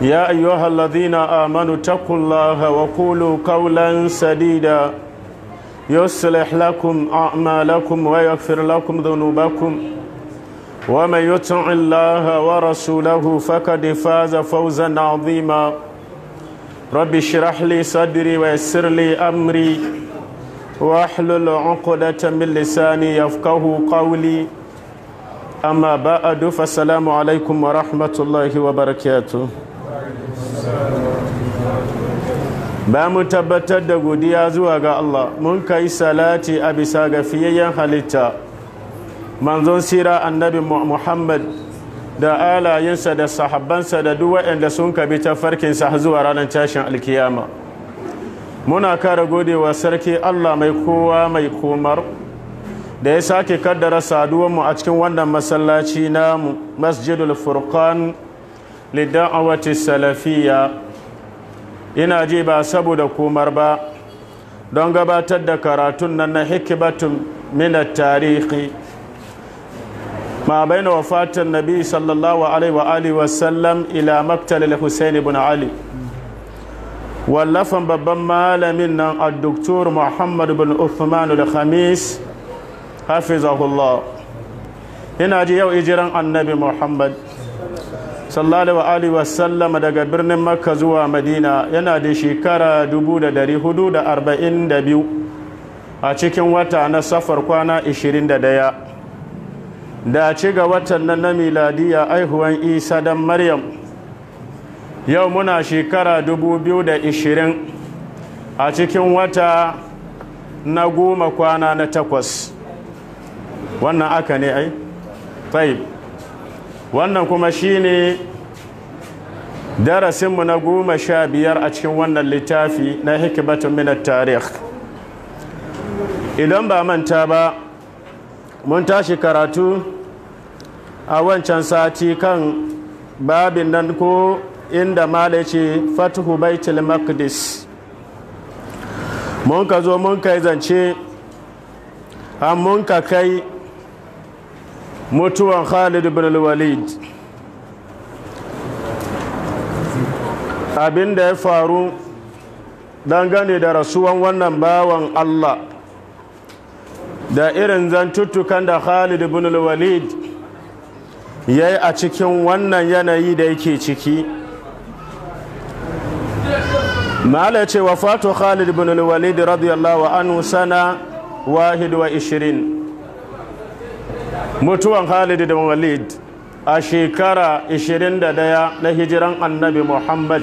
يا أيها الذين آمنوا اتقوا الله وقولوا قولا سديدا يصلح لكم أعمالكم ويغفر لكم ذنوبكم ومن يطع الله ورسوله فقد فاز فوزا عظيما رب اشرح لي صدري ويسر لي أمري واحلل عقدة من لساني يفقه قولي أما بعد فالسلام عليكم ورحمة الله وبركاته ba mu tabbatar da godiya zuwa ga Allah mun kai salati a bisa ga fiyayyen halitta manzon sira annabi Muhammad da alayensa da sahabbansa da duk waɗanda sun kabi ta farkinsa zuwa ranar tashin alkiyama muna kara godewa sarki Allah mai kowa mai komar da ya sake kaddara saduwanmu a cikin wannan masallaci namu masjidul furqan lidda'awati salafiya ina ji ba saboda komar ba don gabatar da karatun nan na hikibatun mina tarihi ma baina wafatin nabi sallallahu alaihi wa sallam ila maktalil husain ibn ali wallafan babban malamin nan a doktor Muhammadu bin uthman al-khamis hafizahullah ina ji yau ijiran annabi muhammad sallallahu alaihi wasallam daga birnin makka zuwa madina yana da shekara 442 a cikin wata na safar kwana 21 da ci ga watan nan na miladiya aihuwan isa dan maryam yau muna shekara 2020 a cikin wata na goma kwana na takwas wannan aka ne ai? taib wannan kuma shine darasinmu na goma sha biyar a cikin wannan littafi na hikimatun minar tarih idan ba manta ba mun tashi karatu a wancan sati kan babin nan ko inda mala ce fatihu baitul maqdis mun ka zo mun kai zance an mun ka kai mutuwan khalid ibn al-walid abin da ya faru dangane da rasuwan wannan bawan allah da irin zantuttukan da khalid ibn al-walid ya yi a cikin wannan yanayi da yake ciki ma'ala ce wa fatu khalid ibn al-walid radiyallahu anhu sana wahid wa ishirin mutuwan Khalid da Walid a shekara 21 na hijiran annabi Muhammad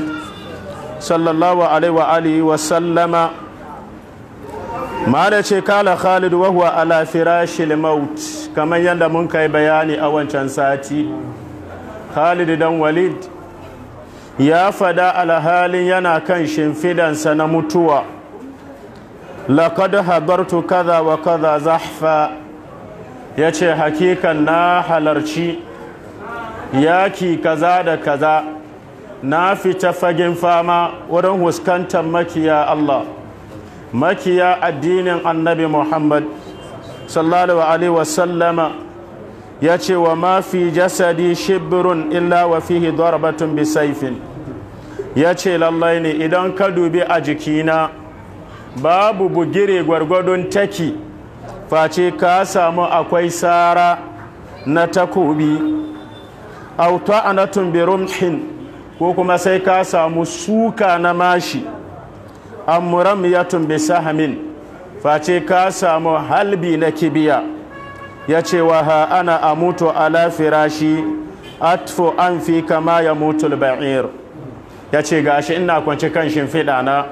sallallahu alaihi wa alihi wa sallama mala ce kala Khalid wa huwa ala firashil maut kamar yadda mun kai bayani a wancan sati Khalid dan Walid ya fada alhalin yana kan shimfidansa na mutuwa laqad hadartu kaza wa kaza zahfa ya ce hakikan na halarci yaki kaza da kaza na fita fagen fama wurin huskantar makiya Allah makiya addinin annabi Muhammad sallallahu alaihi wasallama ya ce wa ma fi jasadi shibirun illa wa fihi darbatun bi saifin ya ce lallai ne idan ka dubi a jikina babu bugire gwargwadon taki face ka samu akwai sara na takobi auta anatun birumhin ko kuma sai ka samu suka na mashi ya tumbi sahamin face ka samu halbi na kibiya ya ce wa ha ana mutu ala firashi atfo an fi kama ya mutu ba'ir ya ce gashi ina kwanci kan shimfiɗa na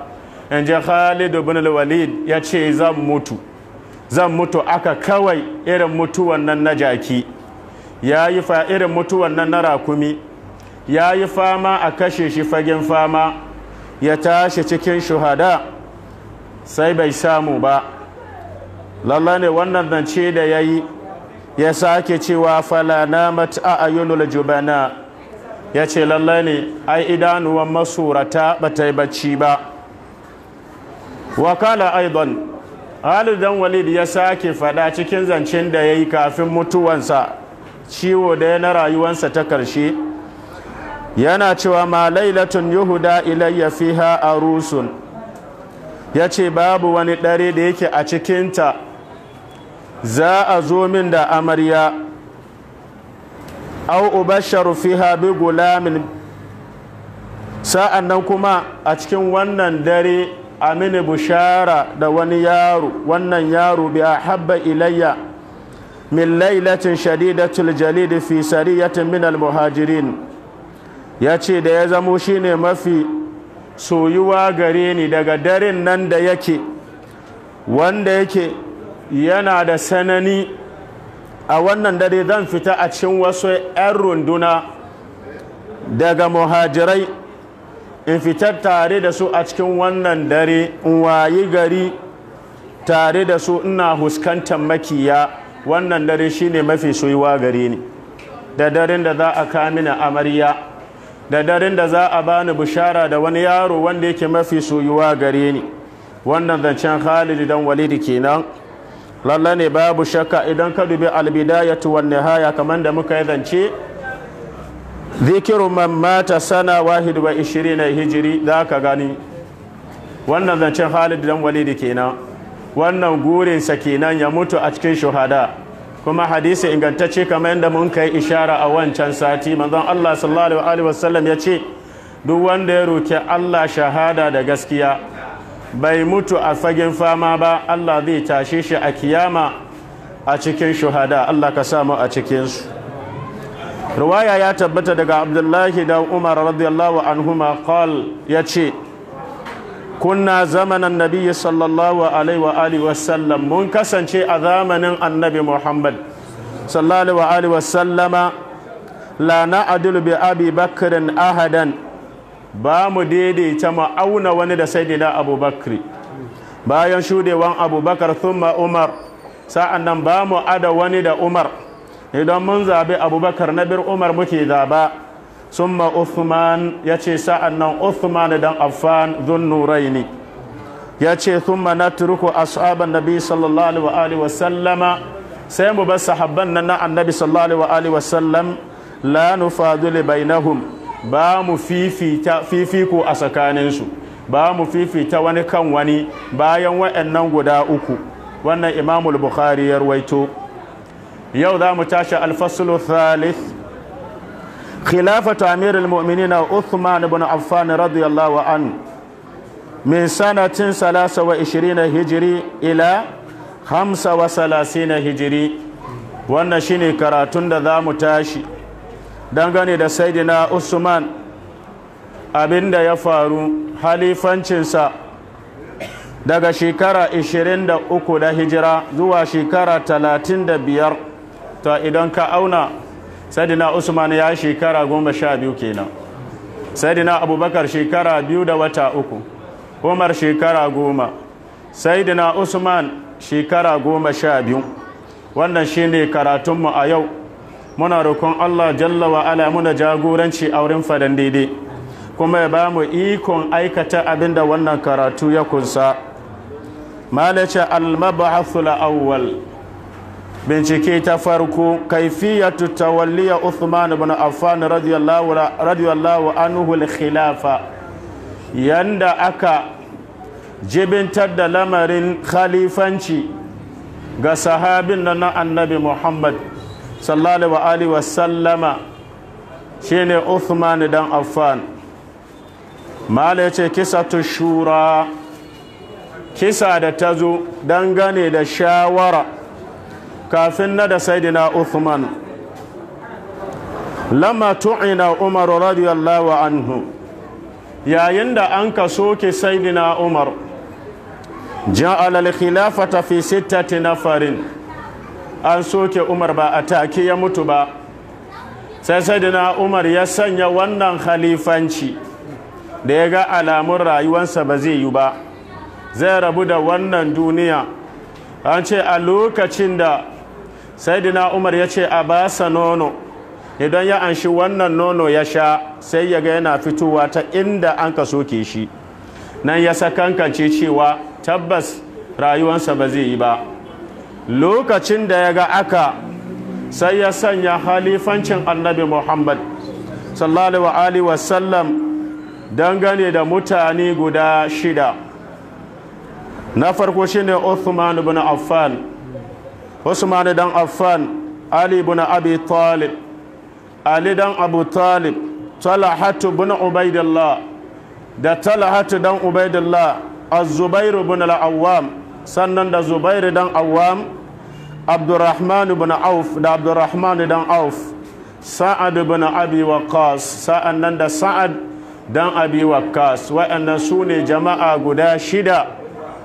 in ji khalid ibn walid ya ce zan mutu zan mutu aka kawai irin mutuwan nan na jaki ya yi fa irin mutuwan nan na rakumi ya yi fama a kashe shi fagen fama ya tashi cikin shahada. sai bai samu ba lalla ne wannan zance da ya yi ya sake cewa fala namat a ayyunul jubana ya ce lalla ne ai idanuwan masurata ba ta yi bacci ba wakala aidan Khalid dan Walid ya sake faɗa cikin zancen da ya yi kafin mutuwansa ciwo da ya na rayuwansa ta ƙarshe yana cewa ma lailatun yuhuda ilayya fiha arusun ya ce babu wani ɗare da yake a cikinta za a zo min da amarya au ubasharu fiha bi gulamin sa'an nan kuma a cikin wannan dare a mini bushara da wani yaro wannan yaro bi habba ilayya min lailatin shadidatul jalid fi sariyatin min almuhajirin ya ce da ya zamo shine mafi soyuwa gare ni daga daren nan da yake wanda yake yana da sanani a wannan dare zan fita a cikin wasu 'yan runduna daga muhajirai in fitar tare da su a cikin wannan dare in wayi gari tare da su ina huskantar makiya wannan dare shi ne mafi soyuwa gare ni da daren da za a kamina amarya da daren da za a bani bishara da wani yaro wanda yake mafi soyuwa gare ni wannan zancen Khalid dan walidi kenan lalle ne babu shakka idan ka dubi albidayatu wan nihaya kamar da muka yi zance zikiru man mata sana ba wa na hijiri za ka gani wannan zancen halid dan walidi kenan wannan gurinsa kenan ya mutu a cikin shuhada kuma hadisi ingantacce kamar yadda mun kai ishara a wancan sati manzon Allah sallallahu alaihi wasallam ya ce duk wanda ya roki Allah shahada da gaskiya bai mutu a fagen fama ba Allah zai tashe shi a kiyama a cikin shuhada Allah ka samu a cikinsu riwaya ya tabbata daga abdullahi da umar radiyallahu anhuma qal ya ce kunna zamanin nabiyyi sallallahu alaihi wa alihi wasallam mun kasance a zamanin annabi muhammad sallallahu wa alihi wasallama la bi abi bakrin ahadan ba mu daidaita mu auna wani da saidina abubakri bayan shudewan abubakar thumma umar sa'annan ba mu ada wani da umar idan mun zabi abubakar na bir umar muke zaba summa uthman ya ce sa'an nan uthman dan affan zun nuraini ya ce thumma natruku ashaban biyu sallallahu alaihi wa sallama sai mu bar sahabban nan na annabi sallallahu alaihi wa sallam la nufadul bainahum ba mu fifita fifiko a tsakaninsu ba mu fifita wani kan wani bayan wa'annan guda uku wannan imamul bukhari ya ruwaito yau za mu tashi alfasulu thalith khilafatu amirul na Uthman ibn Affan radiyallahu an min sanatin 23 hijiri ila 35 hijiri wannan shine karatun da za mu tashi dangane da saidina Usman abinda ya faru halifancinsa daga shekara 23 da hijira zuwa shekara 35 ta idan ka auna sadina usman ya shekara goma sha biyu kenan sadina abubakar shekara biyu da wata uku umar shekara goma sadina usman shekara goma sha biyu wannan shi ne karatunmu a yau muna rukun allah jalla wa ala muna jagoranci a wurin fadan daidai kuma ya ba mu ikon aikata abinda wannan karatu ya kunsa malace al-mabahathul awwal bincike ta farko kaifiyatu tawalliya Uthman ibn Affan radiyallahu anhu al-khilafa yanda aka jibintar da lamarin khalifanci ga sahabin nan na annabi Muhammad sallallahu alaihi wa sallama shine Uthman dan Affan mala yace kisatu shura kisa da tazo dangane da shawara kafin na da saidina Uthman lama tu'ina Umar radiyallahu anhu yayin da an ka soke saidina Umar ja'ala al-khilafata fi sittati nafarin an soke Umar ba a take ya mutu ba sai saidina Umar ya sanya wannan khalifanci da ya ga alamun rayuwarsa ba zai yi ba zai rabu da wannan duniya an ce a lokacin da sai saidina umar ya ce a basa nono idan ya anshi wannan nono ya sha sai ya ga yana fitowa ta inda an ka soke shi nan ya sakankance cewa tabbas rayuwansa ba zai yi ba lokacin da ya ga aka sai ya sanya halifancin annabi muhammad sallallahu alaihi wasallam dangane da mutane guda shida na farko shine Uthman ibn Affan Usman dan Affan Ali ibn Abi Talib Ali dan Abu Talib Talahatu ibn Ubaidillah da Talahatu dan Ubaidillah Az-Zubair ibn al-Awwam sannan da Zubair dan Awwam Abdurrahman ibn Auf da Abdurrahman dan Auf Sa'ad ibn Abi Waqqas sa'an da Sa'ad dan Abi Waqqas wa'annan sune jama'a guda shida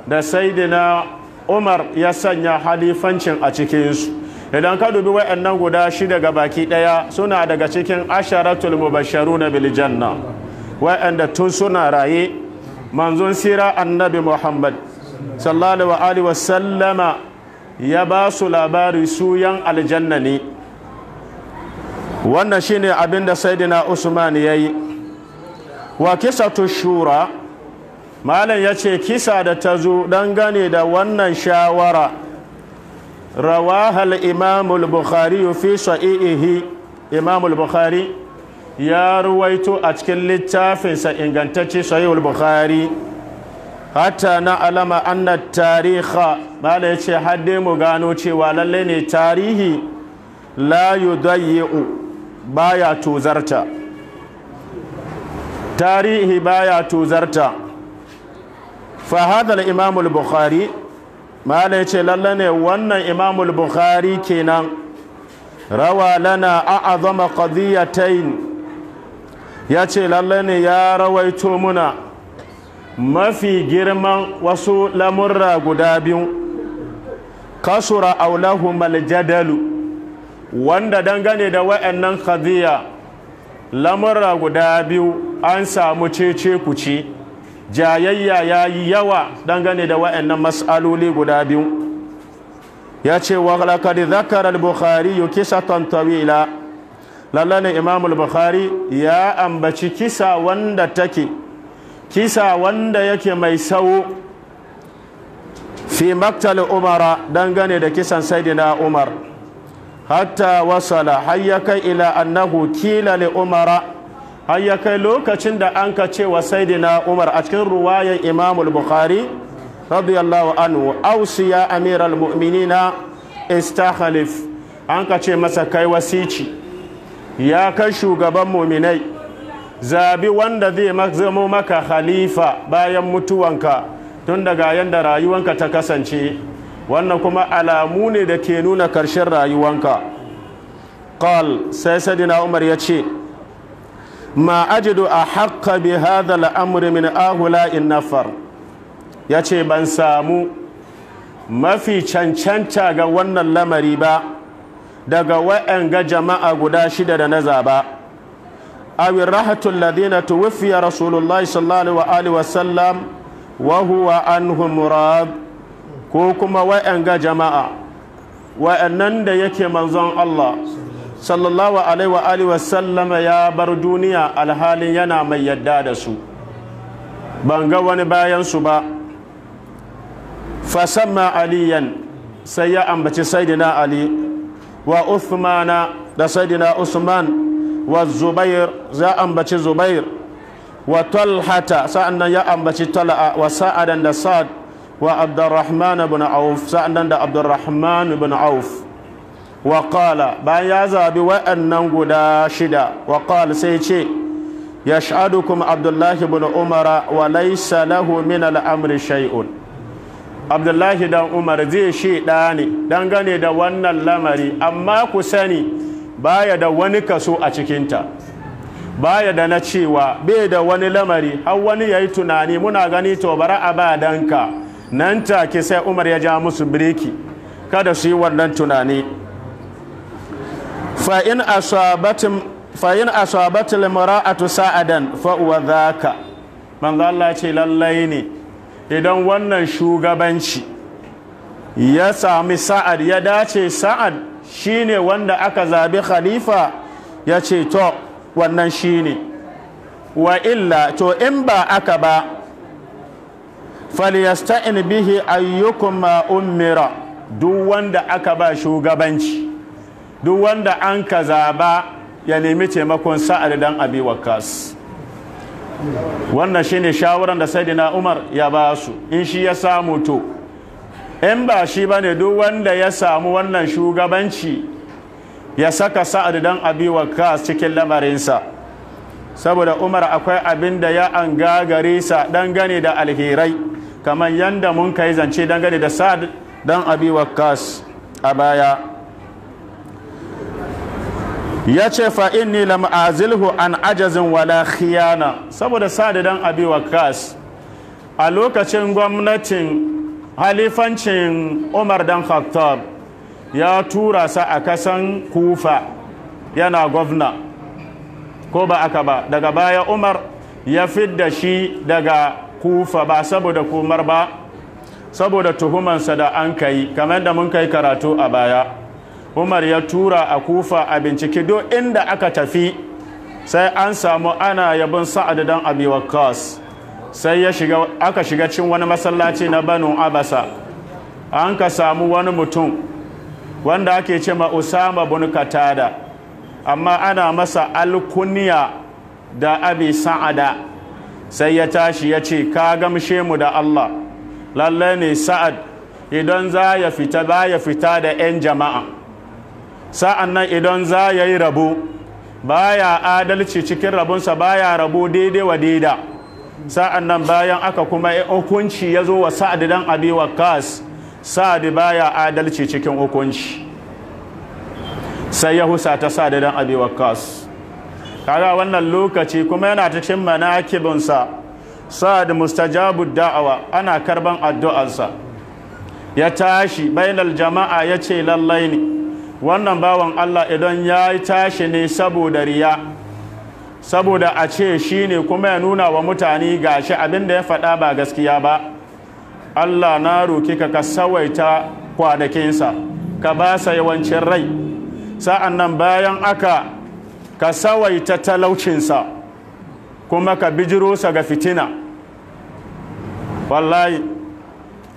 da Sayyidina umar ya sanya halifancin a cikinsu idan ka dubi wa'annan guda Shi daga baki ɗaya suna daga cikin asharatul na bil janna wa'anda tun suna raye manzon sira annabi muhammad sallallahu alaihi wa sallama ya ba su labari su yan aljanna ne wannan shine abinda saidina sayyidina usman yayi wa kisatu shura malam ya ce kisa da ta zo dangane da wannan shawara rawahal imamul bukhari fi sa'ihi imamul bukhari ya ruwaito a cikin littafinsa ingantacce sahihul bukhari hatta na alama anna tariha malam ya ce hadde mu gano cewa lalle ne tarihi la yudayyi'u baya tuzarta tarihi baya tuzarta fahadar imamul bukhari malai ce lalle ne wannan imamul bukhari kenan rawa lana a'azama qadiyatain ya ce lalle ne ya rawaito muna mafi girman wasu lamurra guda biyu kasura aulahum aljadalu wanda dangane da wa'annan qadiya lamurra guda biyu an samu cece kuci jayayya ya yi yawa dangane da wa'annan mas'aloli guda biyu ya ce wa lakari zakara al-bukhari kisatan kisa tantawila lallanin imam al-bukhari ya ambaci kisa wanda take kisa wanda yake mai sau fi maktali umara dangane da kisan saidina umar hatta wasala hayyaka ila annahu kila li umara har ya kai lokacin da an ka ce wa saidina umar a cikin ruwayan imamul bukhari radiyallahu anhu ausiya amiral mu'minina istakhalif an ka ce masa kai wasici ya kai shugaban muminai zabi wanda zai zamo maka khalifa bayan mutuwanka tun daga yanda rayuwanka ta kasance wannan kuma alamu ne da ke nuna karshen rayuwanka qal sai sadina umar ya ce ma ajidu a haƙa bi hada al'amuri min ahula in nafar ya ce ban samu mafi cancanta ga wannan lamari ba daga wa'yan ga jama'a guda shida da na zaba awi rahatun ladina tuwufiya rasulullahi sallallahu alaihi wasallam wa huwa murad ko kuma wa'yan ga jama'a wa'annan da yake manzon Allah sallallahu alaihi wa sallama ya bar duniya alhalin yana mai yadda da su ban ga wani bayan su ba fasamma aliyan sai ya ambaci saidina ali wa uthmana da saidina usman wa zubair za ambaci zubair wa talhata sa'annan ya ambaci tala'a wa sa'adan da sa'ad wa abdurrahman ibn auf sa'annan da abdurrahman ibn auf waƙala bayan ya zabi wa'annan guda shida waƙala sai ce ya sha'adu kuma abdullahi bin umara wa laisa lahu min al'amri shay'un abdullahi dan umar zai shi ɗa ne dangane da wannan lamari amma ku sani baya da wani kaso a cikinta baya da na cewa bai da wani lamari har wani ya yi tunani muna gani to bara a ba danka nan take sai umar ya ja musu biriki kada su yi wannan tunani fa'in asabatul mara'atu sa'adan fa'uwa zaka manzo Allah ce lallai ne idan wannan shugabanci ya sami sa'ad ya dace sa'ad shine wanda aka zabi khalifa ya ce to wannan shine wa illa to in ba aka ba in bihi ayyukum ma duk wanda aka ba shugabanci duk wanda an ka zaba ya nemi taimakon sa'ad dan abi wakas wannan shine shawaran da sayyidina umar ya ba su in shi ya samu to in ba shi bane duk wanda ya samu wannan shugabanci ya saka sa'ad dan abi wakas cikin lamarinsa saboda umar akwai abin da ya an gagare sa dangane da alherai kamar yadda mun kai zance dangane da sa'ad dan abi wakas a baya ya ce fa'in ni lam'azilhu an ajazin wala khiyana saboda dan abi wakas a lokacin gwamnatin halifancin umar dan khattab ya tura sa a kasan kufa yana gwamna ko ba aka ba daga baya umar ya fidda shi daga kufa ba saboda kumar ba saboda tuhumansa da an kai kamar da mun kai karatu a baya umar ya tura a kufa a bincike duk inda aka tafi sai an samu ana yabin sa'ad dan abi kas sai ya shiga aka shiga cin wani masallaci na banu abasa an ka samu wani mutum wanda ake ce ma usama bin katada amma ana masa alkunya da abi sa'ada sai ya tashi ya ce ka gamshe mu da Allah lallai ne sa'ad idan za ya fita ba ya fita da 'yan jama'a sa'an nan idan za ya yi rabo baya adalci cikin rabunsa baya rabu daidai wa daida sa'an nan bayan aka kuma hukunci ya zo wa sa'ad dan abi kas sa'ad baya adalci cikin hukunci sai ya husa ta sa'ad dan abi kas kaga wannan lokaci kuma yana ta cin manakibinsa sa'ad mustajabu da'awa ana karban addu'arsa ya tashi bainal jama'a ya ce lallai ne wannan bawan Allah idan ya yi tashi ne saboda riya saboda a ce shi ne kuma ya nuna wa mutane gashi abin da ya faɗa ba gaskiya ba Allah na roki ka kasawaita sawaita kwanakinsa ka ba sa yawancin rai sa'an nan bayan aka ka sawaita talaucinsa kuma ka bijiro sa ga fitina wallahi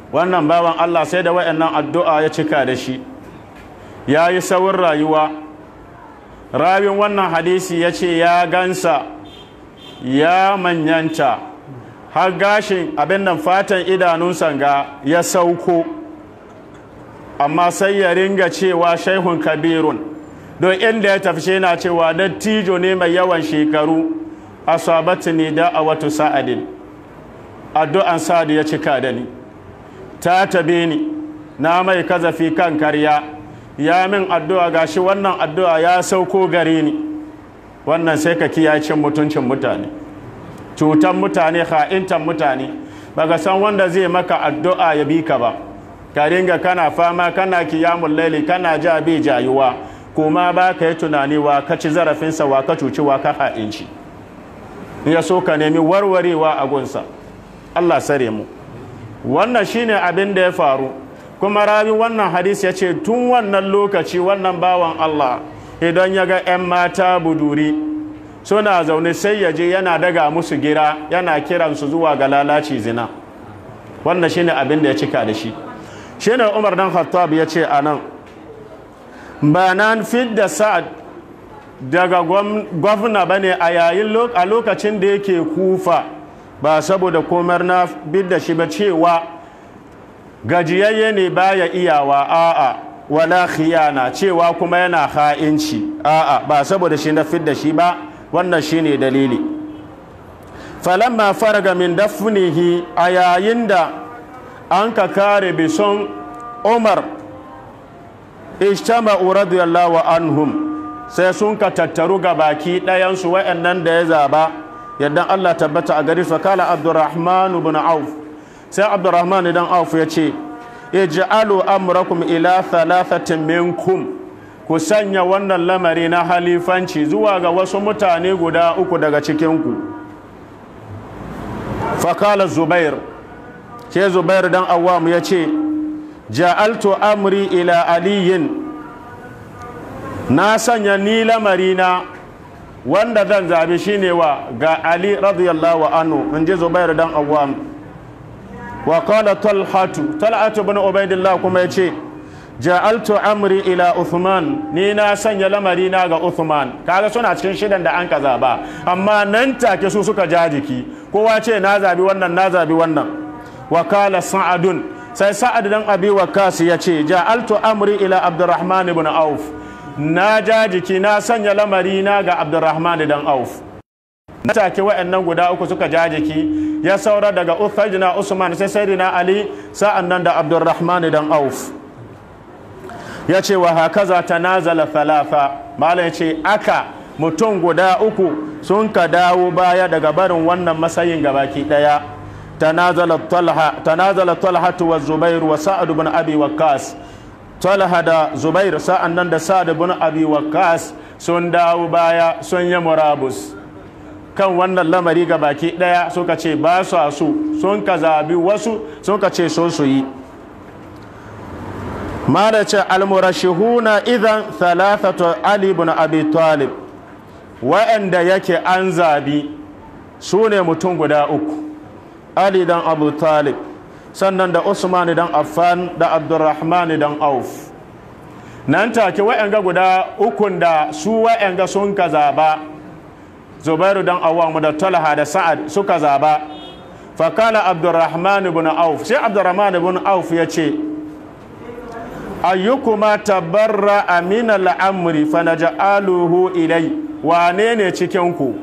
wannan bawan Allah sai da wa'annan addu'a ya cika da shi ya yi saurin rayuwa rabin wannan hadisi ya ce ya gansa ya manyanta har gashin abin nan fatan idanunsa ga ya sauko amma sai ya ringa cewa shaihun kabirun don inda ya tafi shi na cewa dattijo ne mai yawan shekaru ne da a wata sa'adin addu'an sa'adu ya cika da ni ta tabe ni na mai kazafi kan karya ya min addu'a gashi wannan addu'a ya sauko gare ni wannan sai ka kiyaye mutuncin mutane cutan mutane ha'intan mutane Ba ka san wanda zai maka addu'a ya bi ka ba ka ringa kana fama kana kiyamun laili kana ja bi jayuwa kuma ba ka yi tunani wa ka ci zarafinsa wa ka cuci wa ka ha'inci ya so ka nemi warwarewa a gunsa Allah sare mu wannan shine abin da ya faru kuma rabin wannan hadis ya ce tun wannan lokaci wannan bawan Allah idan ya ga 'yan mata buduri suna zaune sai ya je yana daga musu gira yana kiransu zuwa ga lalaci zina wannan shi ne abin da ya cika da shi shine Umar dan Khattab ya ce anan ba nan da Sa'ad daga gwamna ne a yayin lokacin da yake kufa ba saboda komar na da shi ba cewa gajiyayye ne baya iyawa a'a wala khiyana cewa kuma yana ha'inci a'a ba saboda shi na fidda shi ba wannan shi ne dalili falamma faraga min dafnihi a yayin da an ka kare bison umar ishtama'u radiyallahu anhum sai sun ka tattaru ga baki ɗayansu wa'annan da ya zaba yadda Allah tabbata a gari su Abdurrahman ibn Auf sai abdurrahman idan auf ya ce alo amrakum ila thalathatin minkum ku sanya wannan lamari na halifanci zuwa ga wasu mutane guda uku daga cikinku fakala zubair ke zubair dan awam ya ce ja'altu amri ila aliyin na sanya ni lamari na wanda zan zabi shine wa ga ali radiyallahu anhu in ji zubair dan awam wa qala talhatu talhatu bin ubaidillah kuma yace ja'altu amri ila uthman ni na sanya lamari na ga uthman kaga suna cikin shidan da an kaza amma nan take su suka jajiki kowa ce na zabi wannan na zabi wannan wa qala sa'adun sai sa'ad dan abi ya yace ja'altu amri ila abdurrahman ibn auf na jajiki na sanya lamari na ga abdurrahman dan auf na waɗannan wa'annan guda uku suka ja jiki ya saura daga uthajna usman sai sayyidina ali sa'annan nan da abdurrahman dan auf ya ce wa hakaza tanazala thalatha malam ya ce aka mutum guda uku sun ka dawo baya daga barin wannan masayin gabaki daya tanazala talha tanazala talha wa zubair wa sa'ad ibn abi waqqas talha da zubair sa'annan da sa'ad ibn abi waqqas sun dawo baya sun yi murabus kan wannan lamari ga baki ɗaya suka ce ba su a su sun ka zabi wasu suka ce so su yi madace almurashihuna idan thalathatu ali ibn abi talib wa'anda yake an zabi su ne mutum guda uku ali dan abu talib sannan da usman dan affan da abdurrahman dan auf nan take wa'anga guda ukun da su wa'anga sun ka zaba zubairu dan awam da talaha da sa'ad suka zaba fakala abdurrahman ibn auf sai abdurrahman ibn auf ya ce ayyukuma tabarra amina al'amri fa naj'aluhu ilai wane ne cikin ku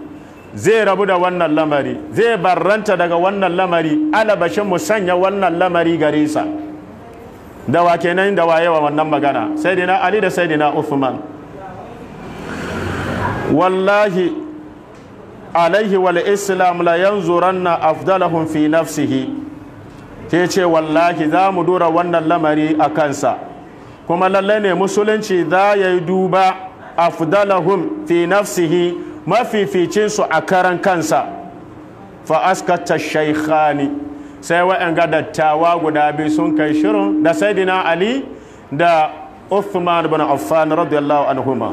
zai rabu da wannan lamari zai barranta daga wannan lamari alabashin mu sanya wannan lamari gare sa da wa kenan da waye wa wannan magana sayyidina ali da sayyidina uthman wallahi alaihi wal islam la ranna afdalahum fi nafsihi ke ce wallahi za mu dora wannan lamari a kansa kuma lallai ne musulunci za ya yi duba afdalahum fi nafsihi su a karan kansa fa askata shaikhani sai wa'anga dattawa guda biyu sun kai shirin da saidina ali da Uthman bin Affan radiyallahu anhuma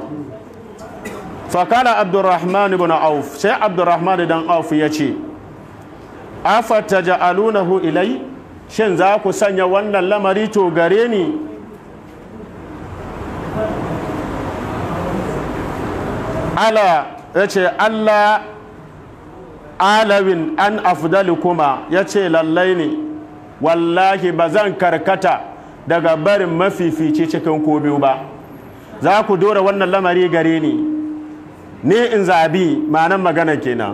fakala abdurrahman ibn auf sai abdurrahman dan auf ya ce afata ja'alunahu ilai shin za ku sanya wannan lamari to gare ni ala ya ce allah alawin an afdali kuma ya ce lallai ne wallahi ba zan karkata daga barin mafifici cikin ko biyu ba za ku dora wannan lamari gare ni ni in zabi ma'anar magana kenan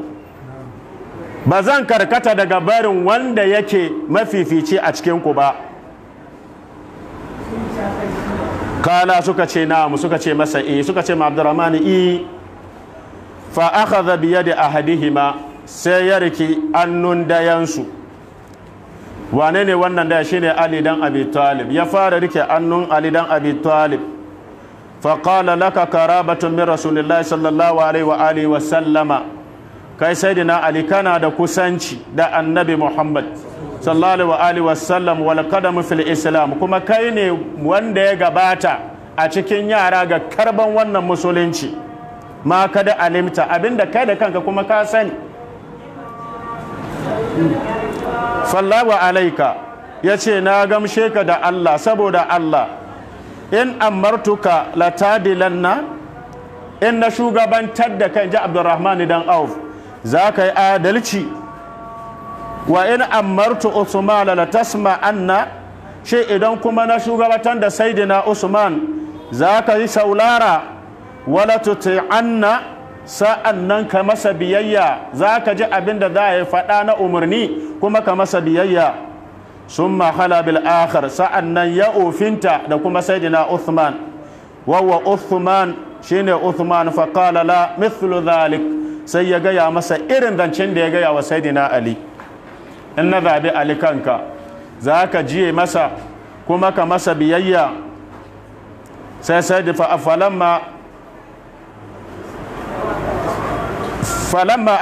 ba zan karkata daga barin wanda yake mafifici a cikinku ba kala suka ce namu suka ce masa e suka ce ma abdurrahman e fa akhadha bi yadi ahadihima sai ya riki annun dayansu wane ne wannan da shine ali dan abi talib ya fara rike annun ali dan abi talib فقال لك كرابة من رسول الله صلى الله عليه وآله وسلم كي سيدنا علي كان دا كسانشي دا النبي محمد صلى الله عليه وآله وسلم والقدم في الإسلام كما كيني وانده غباتا أتكين يارا كربا وانا مسولينشي ما كدا علمتا أبين دا كيدا كان كما كاساني فالله وعليك يتي ناغم شيك دا الله سبو دا الله in amartuka la latadilanna in na shugabantar da kan ji abdurrahman dan auf za ka yi adalci wa in amartu usman la tasma anna shi idan kuma na shugabantar da saidina usman za ka yi saulara wala tuti'anna sa'an nan ka masa biyayya za ka ji abin da za a yi faɗa na umarni kuma ka masa biyayya Sun mahala bil sa'an nan ya ofinta da kuma sayyidina Uthman wawa Uthman shine Uthman fa qala la mithlu sai ya gaya masa irin zancen da ya gaya wa sayyidina Ali in na zabi Ali kanka zaka jiye masa kuma ka masa biyayya sai sai da falamma falamma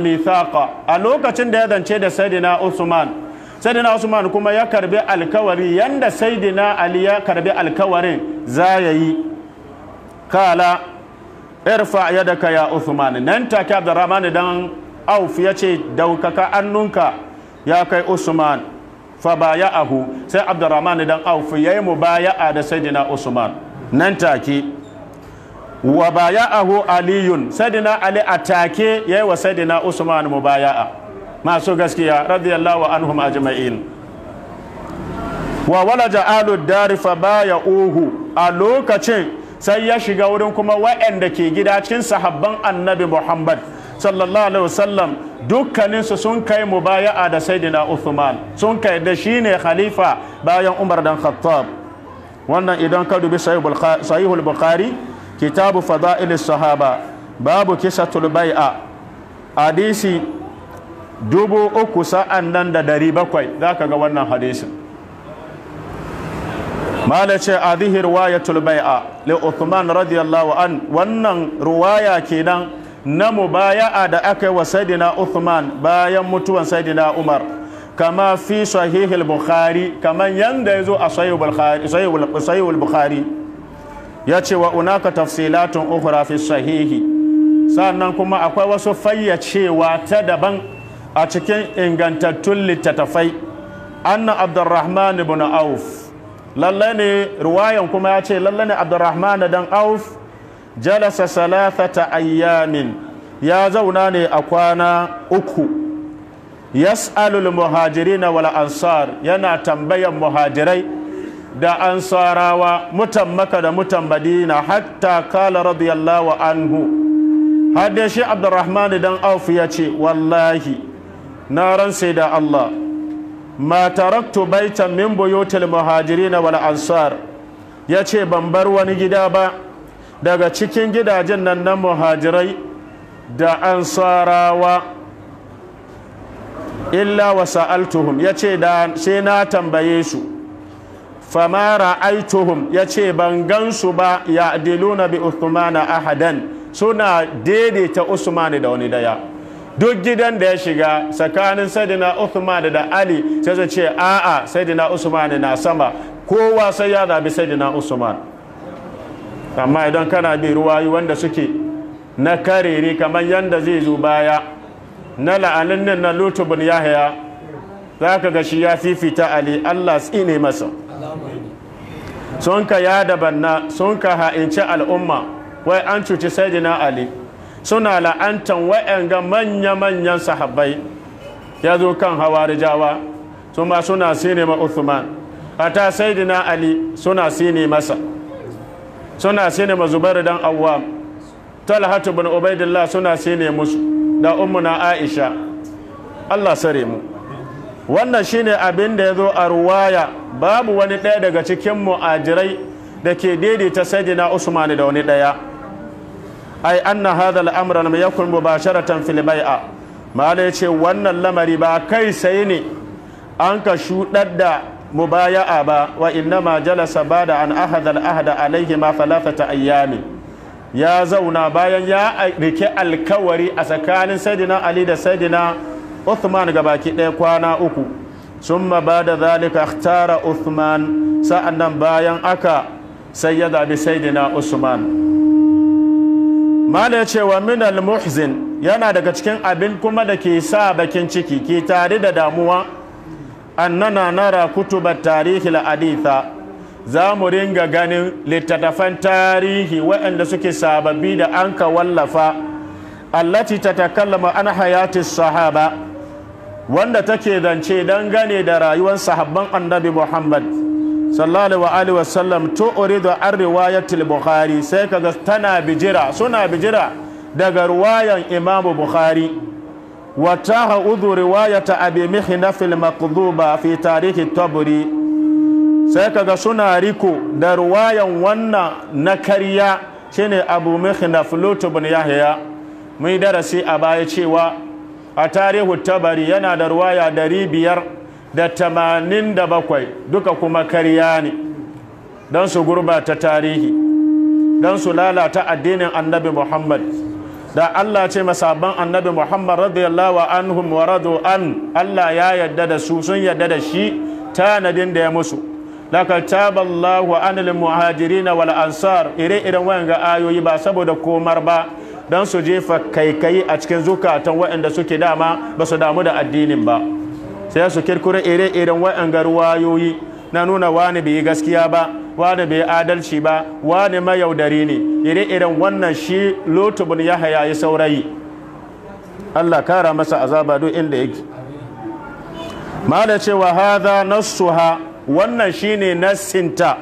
mithaqa a lokacin da ya zance da sayyidina Usman Saidina usman kuma ya karbi alkawari yanda saidina ali ya karbi alkawarin za ya yi kala irfa yadaka ya usman nan take abdurrahman dan auf ya ce daukaka annunka ya kai usman fa baya'ahu sai abdurrahman dan auf yayi mubaya'a da saidina usman nan take wa baya'ahu aliyun saidina ali atake yayi wa saidina usman mubaya'a masu gaskiya radiyallahu anhum ajma'in wa wala alu dari fa baya uhu a lokacin sai ya shiga wurin kuma wa'anda ke gida cikin sahabban annabi muhammad sallallahu alaihi wasallam dukkaninsu sun kai mubaya'a da saidina uthman sun kai da shine khalifa bayan umar dan khattab wannan idan ka dubi sahihul bukhari kitabu fada'ilis sahaba babu kisatul bai'a hadisi dubu uku sa'an nan da dari bakwai za ka ga wannan hadisin malace a zihir tulmai bai'a li Utman radiyallahu an wannan ruwaya kenan na mubaya'a da aka yi wa saidina Uthman bayan mutuwan saidina Umar kama fi sahihil Bukhari kaman yanda ya zo a sahihul Bukhari ya ce wa unaka tafsilatun ukhra fi sahihi sannan kuma akwai wasu fayyacewa ta daban a cikin ingantattun littattafai anna abdurrahman ibn auf lallai ne ruwayan kuma ya ce lallai ne abdurrahman dan auf jalasa salafata ayyamin ya zauna ne a kwana uku yas'alul muhajirina wal ansar yana tambayan muhajirai da ansarawa mutan maka da mutan madina hatta kala radiyallahu anhu hadda shi abdurrahman dan auf ya ce wallahi na ransa da Allah ma taraktu baitan min buyutil muhajirin wal ansar yace ban bar wani gida ba daga cikin gidajen nan na muhajirai da ansarawa illa wa sa'altuhum yace da sai na tambaye su fama ra'aituhum yace ban gansu ba ya'diluna bi uthmana ahadan suna daidaita usmani da wani daya duk gidan da ya shiga tsakanin saidina Uthman da Ali sai su ce a'a saidina Usman na sama kowa sai ya zabi saidina Usman amma idan kana bi ruwayi wanda suke na kariri kamar yadda zai zo baya na la'anin nan na lutubun yahaya za ka ga shi ya fifita ali allah tsine masa sun ka ya dabanna sun ka ha'inci al'umma wai an cuci saidina ali suna la'antan wayanga manya-manyan sahabbai ya zo kan hawarijawa su ma suna sine ma Uthman hata sayyidina Ali suna sine masa suna sine ma Zubair dan Awwam Talhatu bin Ubaidillah suna sine musu da ummuna Aisha Allah sare mu wannan shine abin da ya zo a ruwaya babu wani ɗaya daga cikin mu'ajirai da ke daidaita sayyidina Usman da wani ɗaya ai anna hadha al-amra lam yakun mubasharatan fil bai'a mala yace wannan lamari ba kai sai ne an ka shudar da mubaya'a ba wa inna ma jalasa bada an ahada al-ahda alayhi ma ta ayyami ya zauna bayan ya rike alkawari a tsakanin sayyidina ali da sayyidina uthman baki ɗaya kwana uku summa ba da zalika tara Uthman sa'annan bayan aka sai ya zabi saidina Usman mala ya ce wa minal muhzin yana daga cikin abin kuma da ke sa bakin ciki ke tare da damuwa annana nara kutubar tarihi la aditha za mu ringa ganin littattafan tarihi waɗanda suke sababbi da an ka wallafa allati ta takallama an hayati sahaba wanda take zance dangane da rayuwar sahabban annabi muhammad sallallahu wa alihi wasallam to uridu an riwayatul bukhari sai kaga tana bijira suna bijira daga riwayan imamu bukhari wa ha'udu riwayata abi mihna fil maqduba fi tarihi tabri sai kaga suna riko da riwayan wannan na karya shine abu mihna lutu bin yahya mun darasi a baya cewa a tarihi tabari yana da riwaya biyar. da tamanin da bakwai duka kuma karya ne don su gurbata tarihi don su lalata addinin annabi muhammad da allah ce masaban annabi muhammad radiyallahu anhum wa radu an allah ya yadda da su sun yadda da shi tanadin da ya musu lakal taballahu anil na wal ansar ire-iren wayan ga ayoyi ba saboda komar ba don su jefa kaikayi a cikin zukatan waɗanda suke dama ba su damu da addinin ba sai su kirkiro ire-iren wa'anga ruwayoyi na nuna wani bai gaskiya ba wani bai adalci ba wani mayaudari ne ire-iren wannan shi lotubun ya haya ya saurayi Allah kara masa azaba duk inda yake ma da cewa hadha ha wannan shi shine nassinta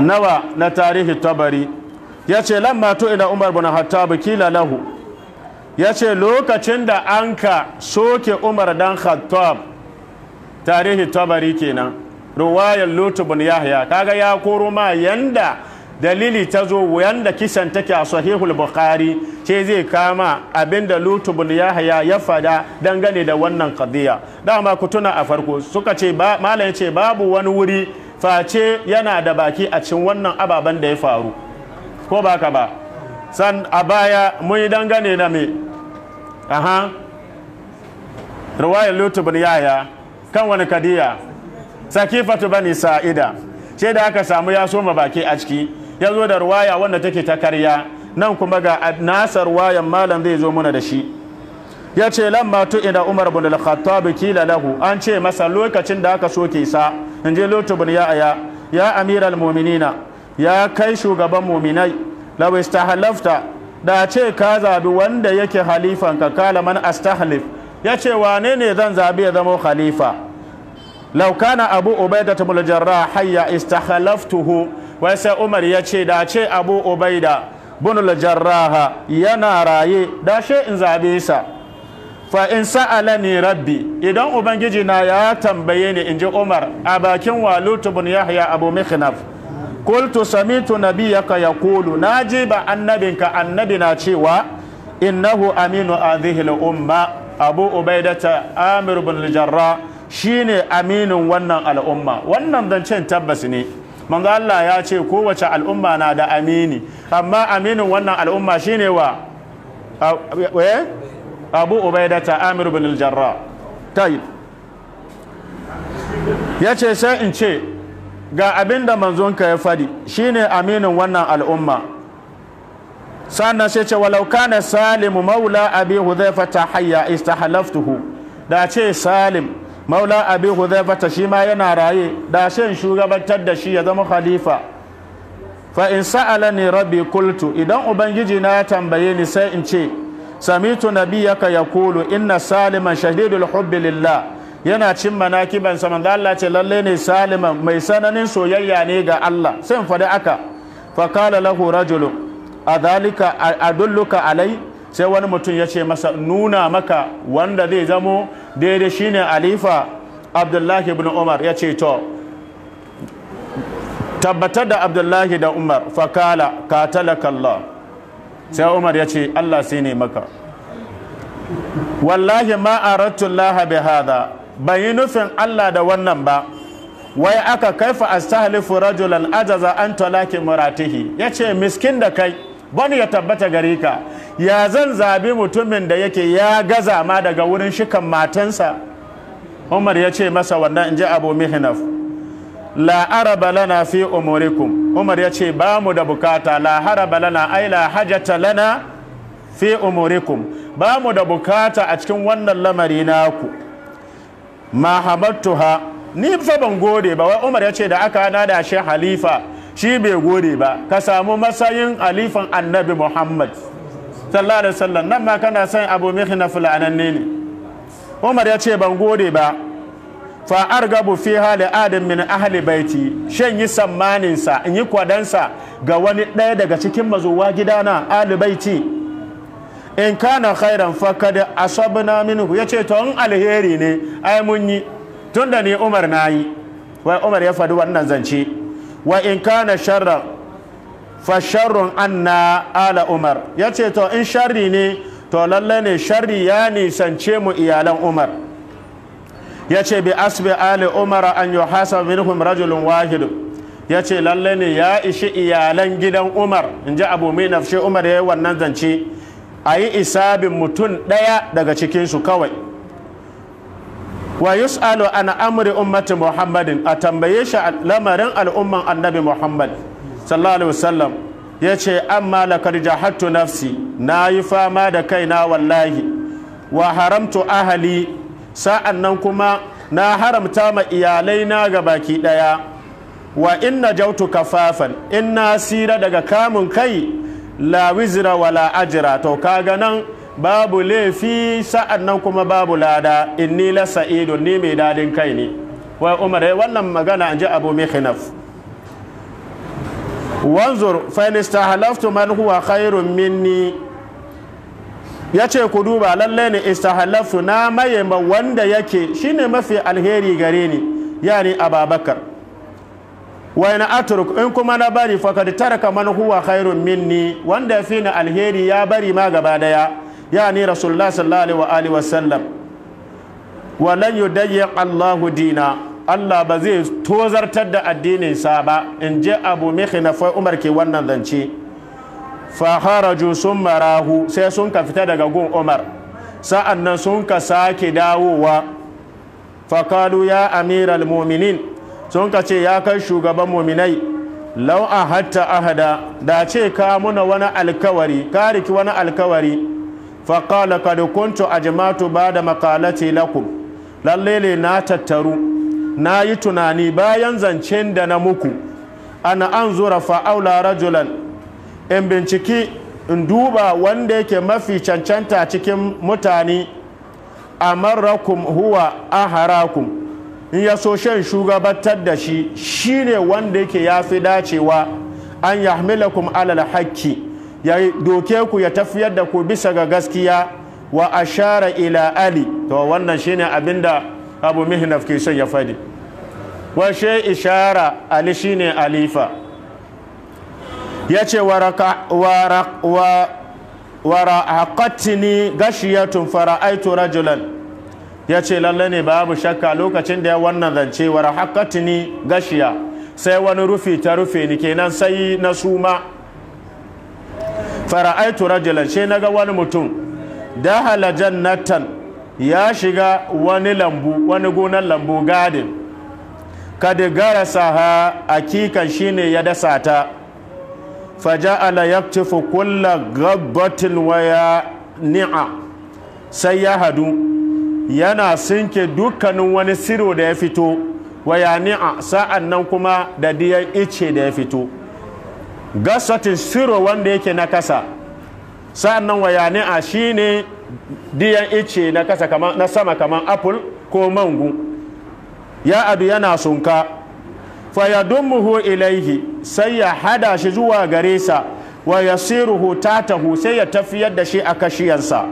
nawa na tarihi tabari ya ce lamma to ina umar bin hattab kila lahu ya ce lokacin da an ka soke umar dan khattab tarihi tabari kenan ruwayar lutubun yahya kaga ya koro ma yanda dalili ta zo yanda kisan take a sahihul bukhari ce zai kama abinda lutubun yahya ya fada dangane da wannan qadiya dama ku tuna a farko suka ce malam ce babu wani wuri face yana da baki a cikin wannan ababen da ya faru ko baka ba san a baya mun yi dangane da me aha ruwayar lutu bin yaya kan wani kadiya sakifatu bani sa'ida ce da aka samu ya soma baki a ciki ya zo da ruwaya wanda take ta karya nan kuma ga nasa ruwayan malam zai zo muna da shi ya ce lamma tu ina umar bin al-khattab kila an ce masa lokacin da aka soke sa in je lutu bin yaya ya amiral mu'minina ya kai shugaban mu'minai law istahlafta da ce ka zabi wanda yake halifan ka kala man astahlif ya ce wane ne zan zabi ya zama khalifa law kana abu ubaida tumul jarrah hayya istahlaftuhu wai sai umar ya ce da ce abu ubaida bunul jarraha yana raye da she in zabe sa fa in sa'ala ni rabbi idan ubangiji na ya tambaye ni in ji umar a bakin walutu bun yahya abu mikhnaf qultu samitu Kulu na naji ba annabinka annabi na cewa innahu aminu hadhihi al-umma abu ubaidata amir bin Lijarra jarrah shine aminin wannan al'umma wannan zancen tabbas ne manzo Allah ya ce kowace al'umma na da amini amma aminin wannan al'umma shine wa eh? abu ubaidata amir bin al-jarrah tayyib yace sai in ce ga abin da manzonka ya fadi shine aminin wannan al'umma sannan sai ce walau kana salimu maula abi hudhaifa ta hayya istahlaftuhu da ce salim maula abi hudhaifa ta shi ma yana raye da shin shugabantar da shi ya zama khalifa fa in sa'alani rabbi kultu idan ubangiji na ya tambaye ni sai in ce samitu nabiyaka yaqulu inna saliman shadidul hubbi lillah yana cin manakiban sa manzo Allah ce lalle ne saliman mai sananin soyayya ne ga Allah sai faɗi aka fa qala lahu rajulun adhalika adulluka alai sai wani mutum ya ce masa nuna maka wanda zai zamo daidai shine alifa abdullahi ibn umar ya ce to tabbatar da abdullahi da umar fakala katalaka Allah sai umar ya ce Allah sai ne maka wallahi ma aradtu Allah bi hadha ban yi nufin Allah da wannan ba wai aka kaifa astahlifu rajulan ajaza an talaki muratihi ce miskin da kai bani ya tabbata gari ka ya zan zabi mutumin da yake ya gaza ma daga wurin shikan matansa Umar ya ce masa wannan inji Abu Mihnaf la araba lana fi umurikum Umar ya ce ba mu da bukata la haraba lana ai la hajata lana fi umurikum ba mu da bukata a cikin wannan lamari naku ma habattuha ni fa ban gode ba wai Umar ya ce da aka da shi halifa shi bai gode ba ka samu masayin halifan annabi Muhammad sallallahu alaihi wasallam nan ma kana san Abu na fulananne ne Umar ya ce ban gode ba fa argabu fi hali adam min ahli baiti shan yi sa in yi kwadansa ga wani ɗaya daga cikin mazuwa gidana ahli baiti in kana khairan na asabna ya ce to in alheri ne ai mun yi tun da ni Umar na yi wai Umar ya faɗi wannan zance wa in kana sharra fa sharrun anna ala Umar ya ce to in sharri ne to lalle ne sharri ya nisance mu iyalan Umar Ya ce bi asbi ali Umar an hasa minhum rajulun Wahidu ya ce lalle ne ya ishi iyalan gidan Umar ji Abu mai nafshe Umar yayi wannan zance a yi isabin mutum ɗaya daga cikinsu kawai wa yus'alu an amri ummati muhammadin a tambaye shi lamarin al'umman annabi muhammad sallallahu alaihi wasallam ya ce amma lakar jahattu nafsi na yi fama da kaina wallahi wa haramtu ahali sa'an nan kuma na haramta ma iyalai na ga baki ɗaya wa in na jautu kafafan in na sira daga kamun kai la wizira wala ajira to kaga nan babu laifi sa'an nan kuma babu lada inni la sa'idun ni mai dadin kai ne wai umar eh, wannan magana an ji abu mihinaf wanzur fa'inista halaftu man huwa khairun minni ce ku duba lallai ne istahlaftu na maye ma wanda yake shine mafi alheri gare ni yani ababakar wa na atruk in kuma na bari faqad taraka man huwa khairun minni wanda fi ni alheri ya bari ma gaba daya yani rasulullah sallallahu alaihi wa sallam wa yudayyiq Allahu dina Allah ba zai tozartar da addinin sa ba in je abu na fa umar ke wannan zance fa haraju sun marahu sai sun ka fita daga gun umar sa'annan sun ka sake dawowa fa ya amiral muminin sun ka ce ya kai shugaban muminai lau a hatta ahada da ce ka muna wani alkawari ka riki wani alkawari faƙala da kuntu ba da maqalati lakum lalle ne na tattaru na yi tunani bayan zancen da na muku ana an zura fa'aula rajulan in binciki in duba wanda yake mafi cancanta cikin mutane a amarrakum huwa a aharakum in ya so shan shugabantar da shi shine wanda yake ya fi dacewa an yahmilakum alal haqqi ya doke ku ya tafiyar da ku bisa ga gaskiya wa ashara ila ali to wannan shine abinda abu mihnaf ke son ya fadi wa she ishara ali shine alifa yace ce wa wa gashiyatun rajulan ya ce lalle ne babu shakka lokacin da ya wannan zance hakatini gashiya sai wani rufi ta rufe ni kenan sai na suma fara'aitu rajulan sai naga wani mutum dahala natan ya shiga wani lambu wani gonan lambu gadin kada garasa ha akikan shine ya dasa ta faja ya yaktifu kulla gabbatin waya ni'a sai ya hadu yana sinke dukkanin wani siro da ya fito wa ni'a sa'an nan kuma da diyan ice da ya fito gasatin siro wanda yake na kasa sa'an nan wa yani'a shine diyan ice na kasa kama, na sama kamar apple ko mangu ya adu yana sunka fayadummuhu ilaihi sai ya hada shi zuwa gare sa wa ya yasiruhu tatahu sai ya tafiyar da shi a kashiyarsa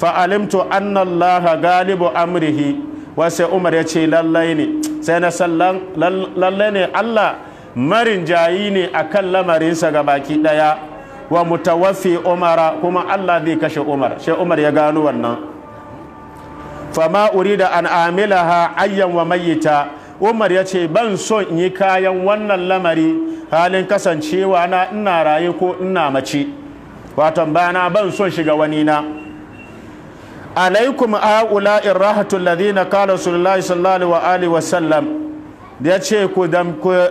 fa'alimtu annallaha galibu amrihi wasu umar ya ce lallai ne sai na sallan lallai ne allah marin jayi ne a kan lamarinsa ga baki ɗaya wa mutawafi umara kuma allah zai kashe umar sai umar ya gano wannan fama da an ha ayyan wa mayita, umar ya ce ban son yi kayan wannan lamari halin kasancewa na ina raye ko ina mace waton bana ban son shiga wani na alaikum haula irrahatul ladina kala rasulullahi sallallahu alihi wa sallam ya ce ku